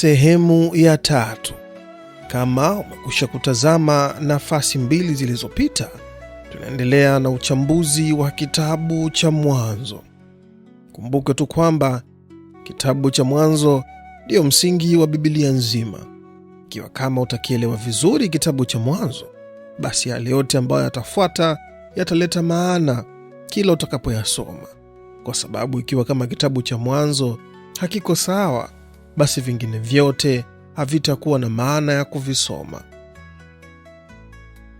sehemu ya tatu. Kama umekwisha kutazama nafasi mbili zilizopita, tunaendelea na uchambuzi wa kitabu cha Mwanzo. Kumbuke tu kwamba kitabu cha Mwanzo ndiyo msingi wa Biblia nzima. Ikiwa kama utakielewa vizuri kitabu cha Mwanzo, basi yale yote ambayo yatafuata yataleta maana kila utakapoyasoma, kwa sababu ikiwa kama kitabu cha Mwanzo hakiko sawa basi vingine vyote havitakuwa na maana ya kuvisoma.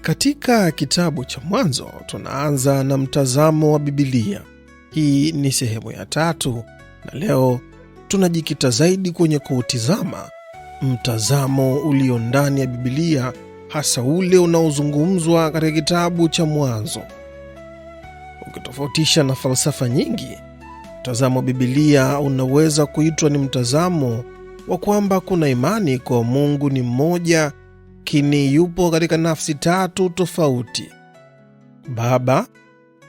Katika kitabu cha Mwanzo tunaanza na mtazamo wa Bibilia. Hii ni sehemu ya tatu, na leo tunajikita zaidi kwenye kuutizama mtazamo ulio ndani ya Bibilia, hasa ule unaozungumzwa katika kitabu cha Mwanzo. Ukitofautisha na falsafa nyingi, Mtazamo wa Bibilia unaweza kuitwa ni mtazamo wa kwamba kuna imani kwa Mungu ni mmoja, kini yupo katika nafsi tatu tofauti: Baba,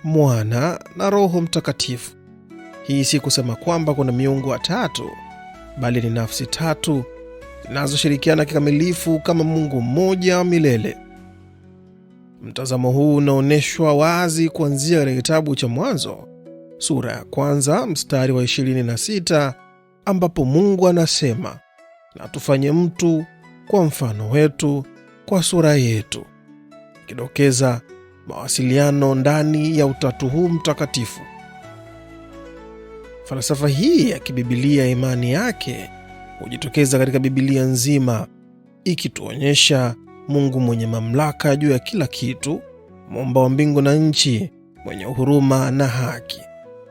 Mwana na Roho Mtakatifu. Hii si kusema kwamba kuna miungu watatu, bali ni nafsi tatu zinazoshirikiana kikamilifu kama Mungu mmoja wa milele. Mtazamo huu unaonyeshwa wazi kuanzia katika kitabu cha Mwanzo sura ya kwanza mstari wa 26 ambapo Mungu anasema, na tufanye mtu kwa mfano wetu, kwa sura yetu, ikidokeza mawasiliano ndani ya utatu huu mtakatifu. Falsafa hii ya kibibilia imani yake hujitokeza katika Bibilia nzima ikituonyesha Mungu mwenye mamlaka juu ya kila kitu, muumba wa mbingu na nchi, mwenye huruma na haki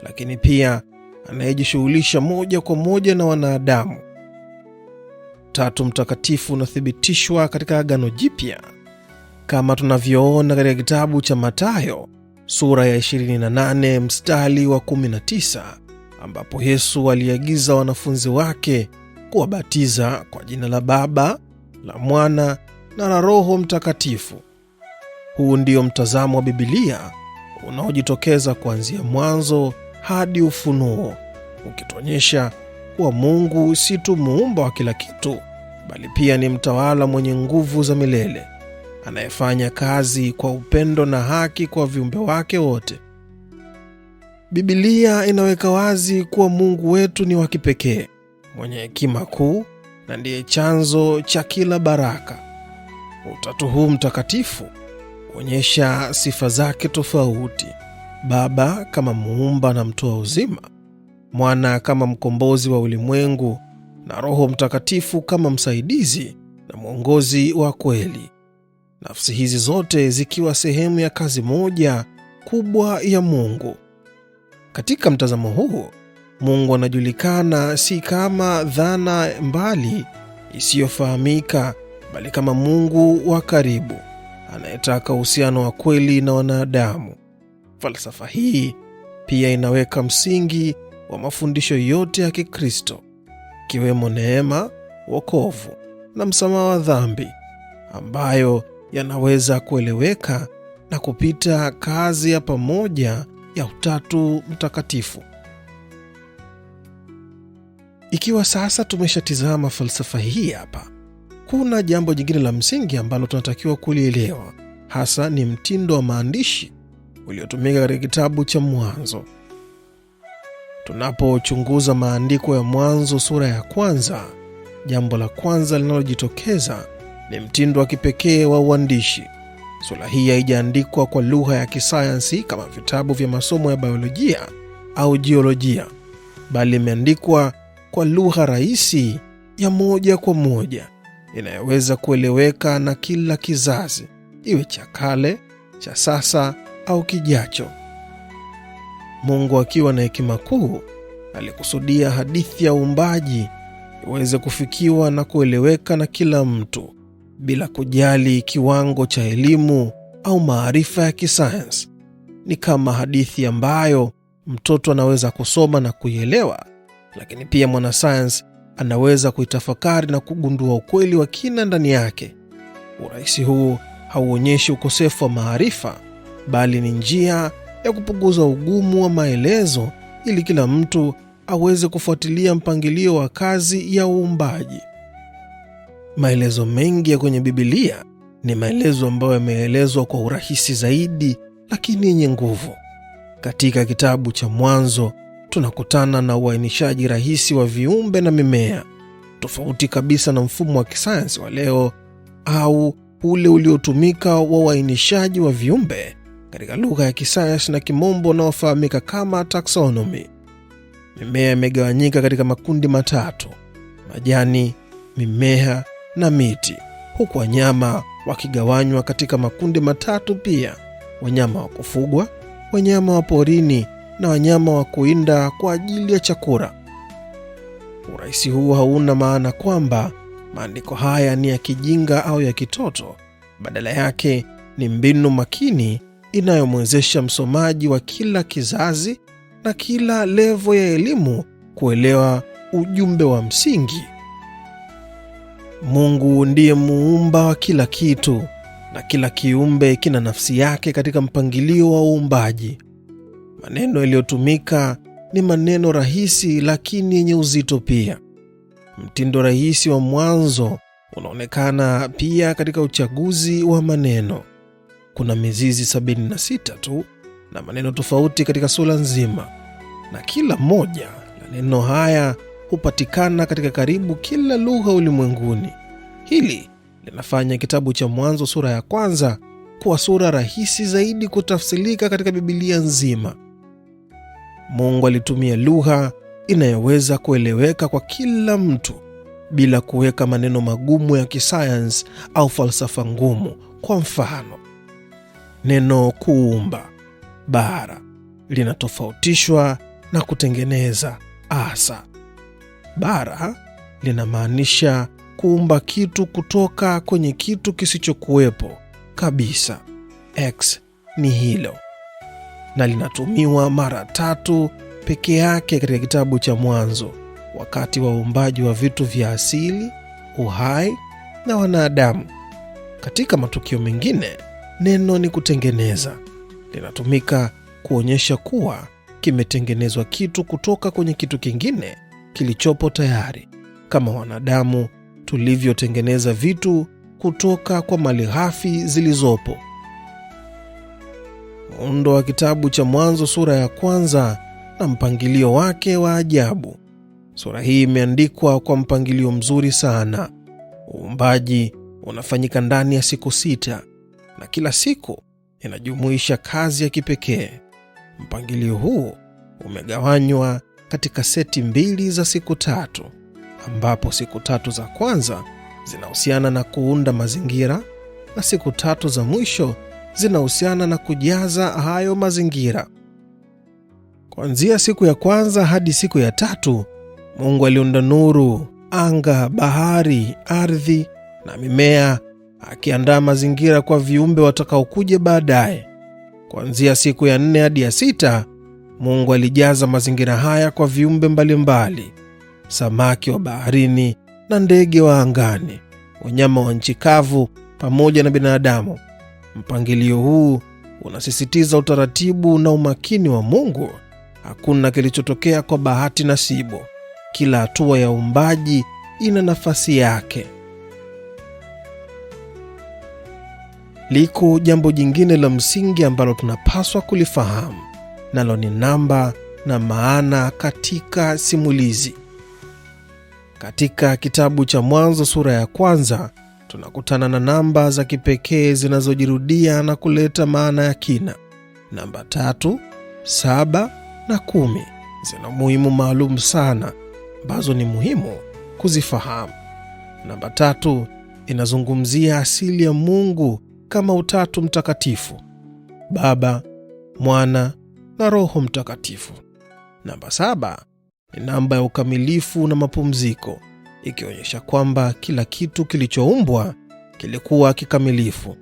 lakini pia anayejishughulisha moja kwa moja na wanadamu. tatu Mtakatifu unathibitishwa katika Agano Jipya kama tunavyoona katika kitabu cha Mathayo sura ya 28 mstari wa 19 ambapo Yesu aliagiza wanafunzi wake kuwabatiza kwa jina la Baba, la Mwana na la Roho Mtakatifu. Huu ndio mtazamo wa Bibilia unaojitokeza kuanzia Mwanzo hadi ufunuo, ukituonyesha kuwa Mungu si tu muumba wa kila kitu, bali pia ni mtawala mwenye nguvu za milele anayefanya kazi kwa upendo na haki kwa viumbe wake wote. Bibilia inaweka wazi kuwa Mungu wetu ni wa kipekee, mwenye hekima kuu na ndiye chanzo cha kila baraka. Utatu huu mtakatifu huonyesha sifa zake tofauti. Baba kama muumba na mtoa uzima, Mwana kama mkombozi wa ulimwengu, na Roho Mtakatifu kama msaidizi na mwongozi wa kweli, nafsi hizi zote zikiwa sehemu ya kazi moja kubwa ya Mungu. Katika mtazamo huu, Mungu anajulikana si kama dhana mbali isiyofahamika, bali kama Mungu wa karibu anayetaka uhusiano wa kweli na wanadamu. Falsafa hii pia inaweka msingi wa mafundisho yote ya Kikristo, ikiwemo neema, wokovu na msamaha wa dhambi, ambayo yanaweza kueleweka na kupita kazi ya pamoja ya Utatu Mtakatifu. Ikiwa sasa tumeshatizama falsafa hii hapa, kuna jambo jingine la msingi ambalo tunatakiwa kulielewa, hasa ni mtindo wa maandishi uliotumika katika kitabu cha Mwanzo. Tunapochunguza maandiko ya Mwanzo sura ya kwanza, jambo la kwanza linalojitokeza ni mtindo wa kipekee wa uandishi. Sura hii haijaandikwa kwa lugha ya kisayansi kama vitabu vya masomo ya biolojia au jiolojia, bali imeandikwa kwa lugha rahisi ya moja kwa moja inayoweza kueleweka na kila kizazi, iwe cha kale, cha sasa au kijacho. Mungu akiwa na hekima kuu alikusudia hadithi ya uumbaji iweze kufikiwa na kueleweka na kila mtu bila kujali kiwango cha elimu au maarifa ya kisayansi. Ni kama hadithi ambayo mtoto anaweza kusoma na kuielewa, lakini pia mwanasayansi anaweza kuitafakari na kugundua ukweli wa kina ndani yake. Urahisi huu hauonyeshi ukosefu wa maarifa, bali ni njia ya kupunguza ugumu wa maelezo ili kila mtu aweze kufuatilia mpangilio wa kazi ya uumbaji. Maelezo mengi ya kwenye Bibilia ni maelezo ambayo yameelezwa kwa urahisi zaidi, lakini yenye nguvu. Katika kitabu cha Mwanzo tunakutana na uainishaji rahisi wa viumbe na mimea, tofauti kabisa na mfumo wa kisayansi wa leo au ule uliotumika wa uainishaji wa viumbe katika lugha ya kisayansi na kimombo unaofahamika kama taksonomi Mimea imegawanyika katika makundi matatu: majani, mimea na miti, huku wanyama wakigawanywa katika makundi matatu pia: wanyama wa kufugwa, wanyama wa porini na wanyama wa kuinda kwa ajili ya chakula. Urahisi huu hauna maana kwamba maandiko haya ni ya kijinga au ya kitoto. Badala yake ni mbinu makini inayomwezesha msomaji wa kila kizazi na kila levo ya elimu kuelewa ujumbe wa msingi. Mungu ndiye muumba wa kila kitu na kila kiumbe kina nafsi yake katika mpangilio wa uumbaji. Maneno yaliyotumika ni maneno rahisi lakini yenye uzito pia. Mtindo rahisi wa mwanzo unaonekana pia katika uchaguzi wa maneno kuna mizizi sabini na sita tu na maneno tofauti katika sura nzima, na kila moja maneno haya hupatikana katika karibu kila lugha ulimwenguni. Hili linafanya kitabu cha Mwanzo sura ya kwanza kuwa sura rahisi zaidi kutafsilika katika Bibilia nzima. Mungu alitumia lugha inayoweza kueleweka kwa kila mtu bila kuweka maneno magumu ya kisayansi au falsafa ngumu. Kwa mfano, neno kuumba bara linatofautishwa na kutengeneza asa. Bara linamaanisha kuumba kitu kutoka kwenye kitu kisichokuwepo kabisa, ex hilo na linatumiwa mara tatu peke yake katika kitabu cha Mwanzo, wakati wa uumbaji wa vitu vya asili, uhai na wanadamu. Katika matukio mengine Neno ni kutengeneza linatumika kuonyesha kuwa kimetengenezwa kitu kutoka kwenye kitu kingine kilichopo tayari, kama wanadamu tulivyotengeneza vitu kutoka kwa mali ghafi zilizopo. Muundo wa kitabu cha Mwanzo sura ya kwanza na mpangilio wake wa ajabu. Sura hii imeandikwa kwa mpangilio mzuri sana. Uumbaji unafanyika ndani ya siku sita, na kila siku inajumuisha kazi ya kipekee. Mpangilio huu umegawanywa katika seti mbili za siku tatu, ambapo siku tatu za kwanza zinahusiana na kuunda mazingira na siku tatu za mwisho zinahusiana na kujaza hayo mazingira. Kuanzia siku ya kwanza hadi siku ya tatu, Mungu aliunda nuru, anga, bahari, ardhi na mimea akiandaa mazingira kwa viumbe watakaokuja baadaye. Kuanzia siku ya nne hadi ya sita, Mungu alijaza mazingira haya kwa viumbe mbalimbali mbali: samaki wa baharini na ndege wa angani, wanyama wa nchi kavu pamoja na binadamu. Mpangilio huu unasisitiza utaratibu na umakini wa Mungu. Hakuna kilichotokea kwa bahati nasibu. Kila hatua ya uumbaji ina nafasi yake. liko jambo jingine la msingi ambalo tunapaswa kulifahamu, nalo ni namba na maana katika simulizi. Katika kitabu cha Mwanzo sura ya kwanza tunakutana na namba za kipekee zinazojirudia na kuleta maana ya kina. Namba tatu, saba na kumi zina umuhimu maalum sana, ambazo ni muhimu kuzifahamu. Namba tatu inazungumzia asili ya Mungu kama Utatu Mtakatifu, Baba, Mwana na Roho Mtakatifu. Namba saba ni namba ya ukamilifu na mapumziko, ikionyesha kwamba kila kitu kilichoumbwa kilikuwa kikamilifu.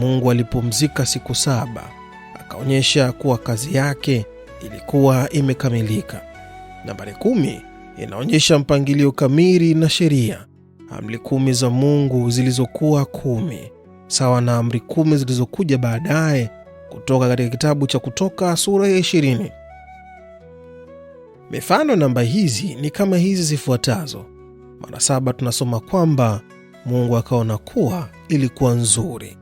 Mungu alipumzika siku saba, akaonyesha kuwa kazi yake ilikuwa imekamilika. Nambari kumi inaonyesha mpangilio kamili na sheria, amri kumi za Mungu zilizokuwa kumi sawa na amri kumi zilizokuja baadaye kutoka katika kitabu cha Kutoka sura ya ishirini. Mifano namba hizi ni kama hizi zifuatazo. Mara saba tunasoma kwamba Mungu akaona kuwa ilikuwa nzuri.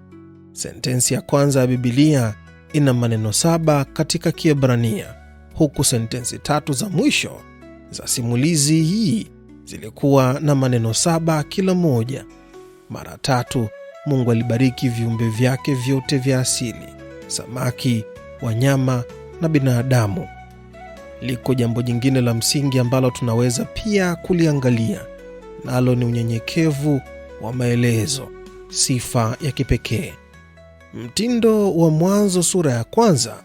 Sentensi ya kwanza ya Bibilia ina maneno saba katika Kiebrania, huku sentensi tatu za mwisho za simulizi hii zilikuwa na maneno saba kila moja. Mara tatu Mungu alibariki viumbe vyake vyote vya asili, samaki, wanyama na binadamu. Liko jambo jingine la msingi ambalo tunaweza pia kuliangalia, nalo ni unyenyekevu wa maelezo, sifa ya kipekee. Mtindo wa Mwanzo sura ya kwanza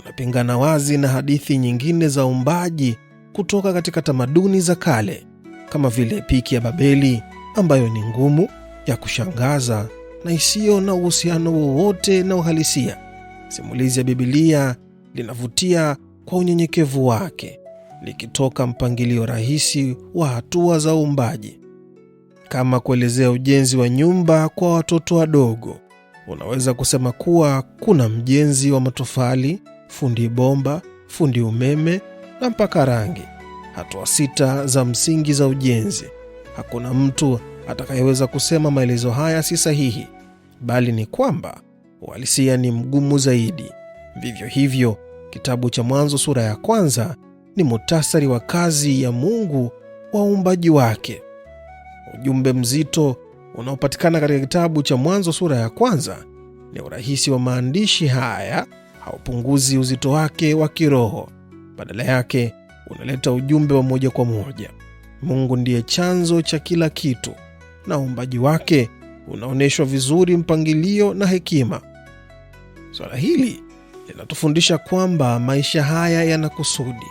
unapingana wazi na hadithi nyingine za umbaji kutoka katika tamaduni za kale kama vile Piki ya Babeli ambayo ni ngumu ya kushangaza na isiyo na uhusiano wowote na uhalisia. Simulizi ya Bibilia linavutia kwa unyenyekevu wake, likitoka mpangilio rahisi wa hatua za uumbaji, kama kuelezea ujenzi wa nyumba kwa watoto wadogo. Unaweza kusema kuwa kuna mjenzi wa matofali, fundi bomba, fundi umeme na mpaka rangi, hatua sita za msingi za ujenzi. Hakuna mtu atakayeweza kusema maelezo haya si sahihi, bali ni kwamba uhalisia ni mgumu zaidi. Vivyo hivyo, kitabu cha Mwanzo sura ya kwanza ni muhtasari wa kazi ya Mungu wa uumbaji wake. Ujumbe mzito unaopatikana katika kitabu cha Mwanzo sura ya kwanza ni urahisi wa maandishi haya haupunguzi uzito wake wa kiroho. Badala yake unaleta ujumbe wa moja kwa moja. Mungu ndiye chanzo cha kila kitu, na uumbaji wake unaonyeshwa vizuri mpangilio na hekima. Swala hili linatufundisha kwamba maisha haya yana kusudi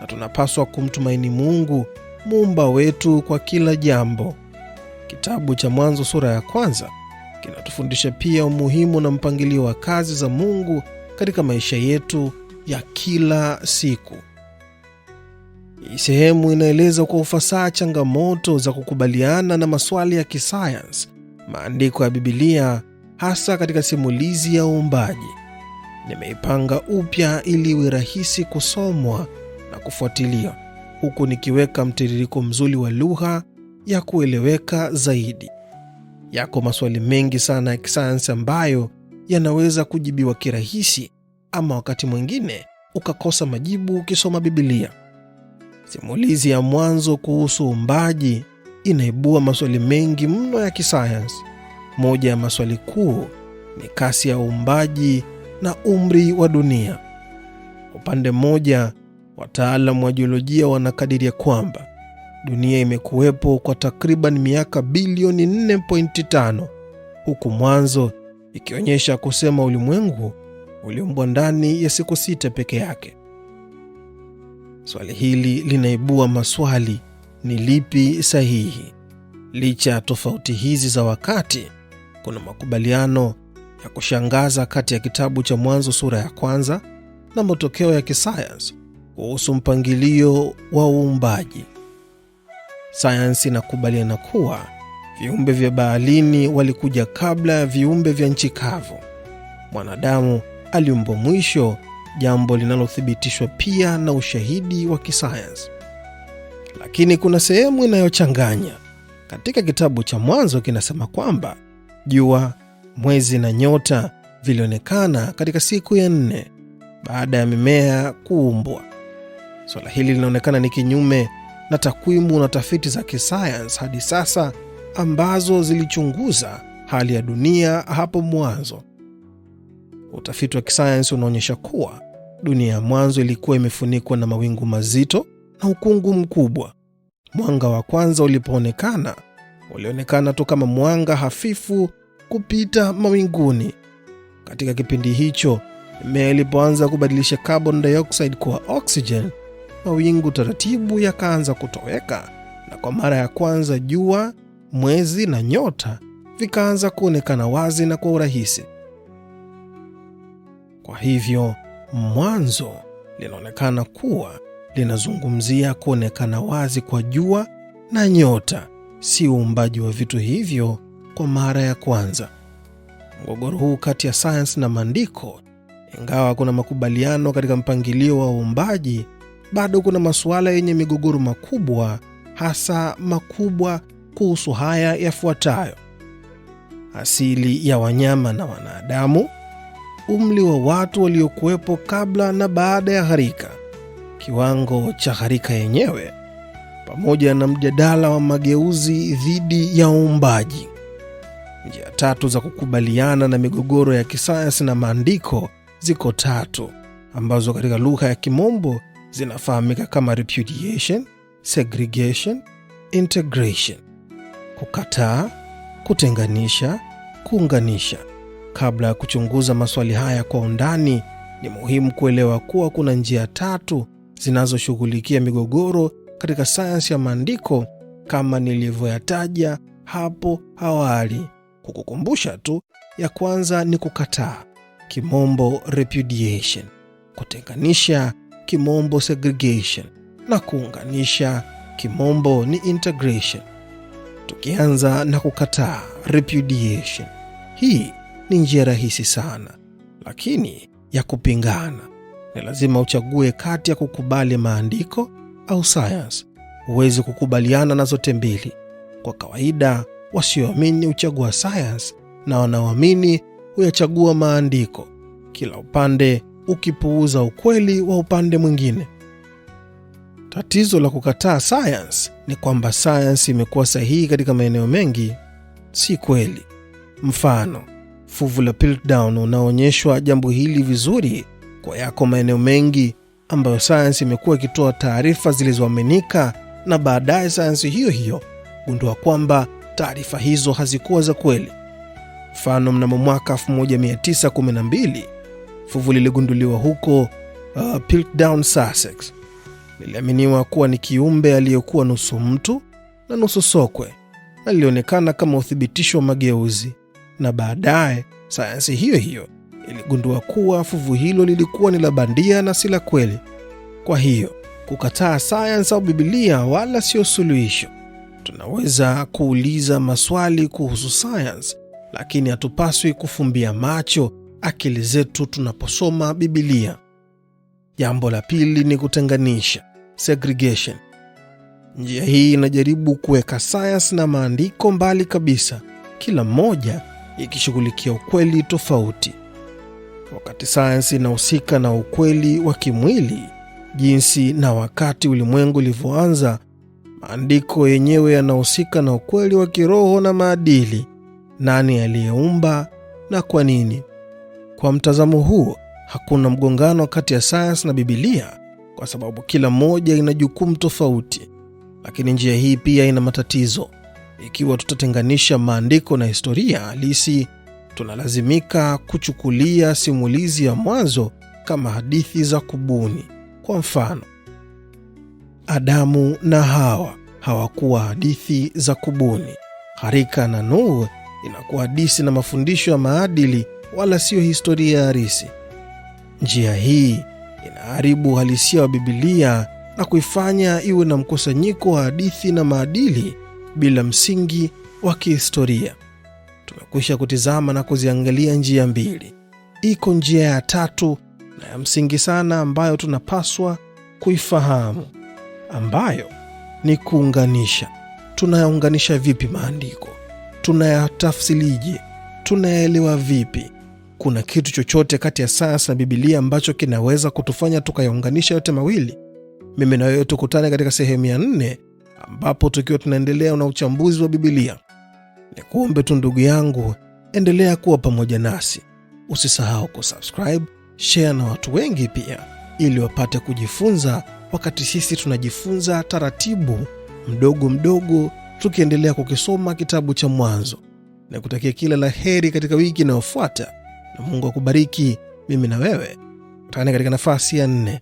na tunapaswa kumtumaini Mungu muumba wetu kwa kila jambo. Kitabu cha Mwanzo sura ya kwanza kinatufundisha pia umuhimu na mpangilio wa kazi za Mungu katika maisha yetu ya kila siku. Sehemu inaeleza kwa ufasaha changamoto za kukubaliana na maswali ya kisayansi, maandiko ya Bibilia, hasa katika simulizi ya uumbaji. Nimeipanga upya ili iwe rahisi kusomwa na kufuatilia huku nikiweka mtiririko mzuri wa lugha ya kueleweka zaidi. Yako maswali mengi sana ya kisayansi ambayo yanaweza kujibiwa kirahisi, ama wakati mwingine ukakosa majibu ukisoma Bibilia. Simulizi ya mwanzo kuhusu uumbaji inaibua maswali mengi mno ya kisayansi. Moja ya maswali kuu ni kasi ya uumbaji na umri wa dunia. Upande mmoja, wataalam wa jiolojia wanakadiria kwamba dunia imekuwepo kwa takriban miaka bilioni 4.5 huku mwanzo ikionyesha kusema ulimwengu uliumbwa ndani ya siku sita peke yake. Swali hili linaibua maswali, ni lipi sahihi? Licha ya tofauti hizi za wakati, kuna makubaliano ya kushangaza kati ya kitabu cha Mwanzo sura ya kwanza na matokeo ya kisayansi kuhusu mpangilio wa uumbaji. Sayansi inakubaliana kuwa viumbe vya baharini walikuja kabla ya viumbe vya nchi kavu. Mwanadamu aliumbwa mwisho jambo linalothibitishwa pia na ushahidi wa kisayansi. Lakini kuna sehemu inayochanganya. Katika kitabu cha Mwanzo kinasema kwamba jua, mwezi na nyota vilionekana katika siku ya nne baada ya mimea kuumbwa. Suala hili linaonekana ni kinyume na takwimu na tafiti za kisayansi hadi sasa ambazo zilichunguza hali ya dunia hapo mwanzo. Utafiti wa kisayansi unaonyesha kuwa Dunia ya mwanzo ilikuwa imefunikwa na mawingu mazito na ukungu mkubwa. Mwanga wa kwanza ulipoonekana, ulionekana tu kama mwanga hafifu kupita mawinguni. Katika kipindi hicho, mimea ilipoanza kubadilisha carbon dioxide kuwa oxygen, mawingu taratibu yakaanza kutoweka, na kwa mara ya kwanza jua, mwezi na nyota vikaanza kuonekana wazi na kwa urahisi. Kwa hivyo Mwanzo linaonekana kuwa linazungumzia kuonekana wazi kwa jua na nyota, si uumbaji wa vitu hivyo kwa mara ya kwanza. Mgogoro huu kati ya sayansi na maandiko, ingawa kuna makubaliano katika mpangilio wa uumbaji, bado kuna masuala yenye migogoro makubwa, hasa makubwa kuhusu haya yafuatayo: asili ya wanyama na wanadamu umri wa watu waliokuwepo kabla na baada ya gharika, kiwango cha gharika yenyewe, pamoja na mjadala wa mageuzi dhidi ya uumbaji. Njia tatu za kukubaliana na migogoro ya kisayansi na maandiko ziko tatu, ambazo katika lugha ya Kimombo zinafahamika kama repudiation, segregation, integration: kukataa, kutenganisha, kuunganisha. Kabla ya kuchunguza maswali haya kwa undani, ni muhimu kuelewa kuwa kuna njia tatu zinazoshughulikia migogoro katika sayansi ya maandiko kama nilivyoyataja hapo awali. Kukukumbusha tu, ya kwanza ni kukataa, kimombo repudiation, kutenganisha, kimombo segregation, na kuunganisha, kimombo ni integration. Tukianza na kukataa repudiation, hii ni njia rahisi sana, lakini ya kupingana. Ni lazima uchague kati ya kukubali maandiko au sayansi. Huwezi kukubaliana na zote mbili. Kwa kawaida, wasioamini huchagua sayansi na wanaoamini huyachagua maandiko, kila upande ukipuuza ukweli wa upande mwingine. Tatizo la kukataa sayansi ni kwamba sayansi imekuwa sahihi katika maeneo mengi, si kweli. Mfano, Fuvu la Piltdown unaonyeshwa jambo hili vizuri kwa yako maeneo mengi ambayo sayansi imekuwa ikitoa taarifa zilizoaminika na baadaye sayansi hiyo hiyo gundua kwamba taarifa hizo hazikuwa za kweli. Mfano, mnamo mwaka 1912 fuvu liligunduliwa huko uh, Piltdown, Sussex. Liliaminiwa kuwa ni kiumbe aliyekuwa nusu mtu na nusu sokwe, na lilionekana kama uthibitisho wa mageuzi na baadaye sayansi hiyo hiyo iligundua kuwa fuvu hilo lilikuwa ni la bandia na si la kweli. Kwa hiyo kukataa sayansi au Bibilia wala sio suluhisho. Tunaweza kuuliza maswali kuhusu sayansi, lakini hatupaswi kufumbia macho akili zetu tunaposoma Bibilia. Jambo la pili ni kutenganisha, segregation. Njia hii inajaribu kuweka sayansi na maandiko mbali kabisa, kila mmoja ikishughulikia ukweli tofauti. Wakati sayansi inahusika na ukweli wa kimwili, jinsi na wakati ulimwengu ulivyoanza, maandiko yenyewe yanahusika na ukweli wa kiroho na maadili: nani aliyeumba na kwa nini. Kwa mtazamo huo, hakuna mgongano kati ya sayansi na Bibilia kwa sababu kila moja ina jukumu tofauti. Lakini njia hii pia ina matatizo. Ikiwa tutatenganisha maandiko na historia halisi, tunalazimika kuchukulia simulizi ya mwanzo kama hadithi za kubuni. Kwa mfano, Adamu na Hawa hawakuwa hadithi za kubuni. Gharika na Nuhu inakuwa hadisi na mafundisho ya maadili, wala siyo historia ya harisi. Njia hii inaharibu uhalisia wa Bibilia na kuifanya iwe na mkusanyiko wa hadithi na maadili bila msingi wa kihistoria. Tumekwisha kutizama na kuziangalia njia mbili. Iko njia ya tatu na ya msingi sana ambayo tunapaswa kuifahamu, ambayo ni kuunganisha. Tunayaunganisha vipi maandiko? Tunayatafsilije? Tunayaelewa vipi? Kuna kitu chochote kati ya sasa na Bibilia ambacho kinaweza kutufanya tukayaunganisha yote mawili? Mimi na wewe tukutane katika sehemu ya nne ambapo tukiwa tunaendelea na uchambuzi wa Bibilia. Ni kuombe tu ndugu yangu, endelea kuwa pamoja nasi, usisahau kusubscribe, share na watu wengi pia, ili wapate kujifunza wakati sisi tunajifunza taratibu mdogo mdogo, tukiendelea kukisoma kitabu cha Mwanzo. Na kutakia kila la heri katika wiki inayofuata, na Mungu akubariki mimi na wewe. Kutane katika nafasi ya nne.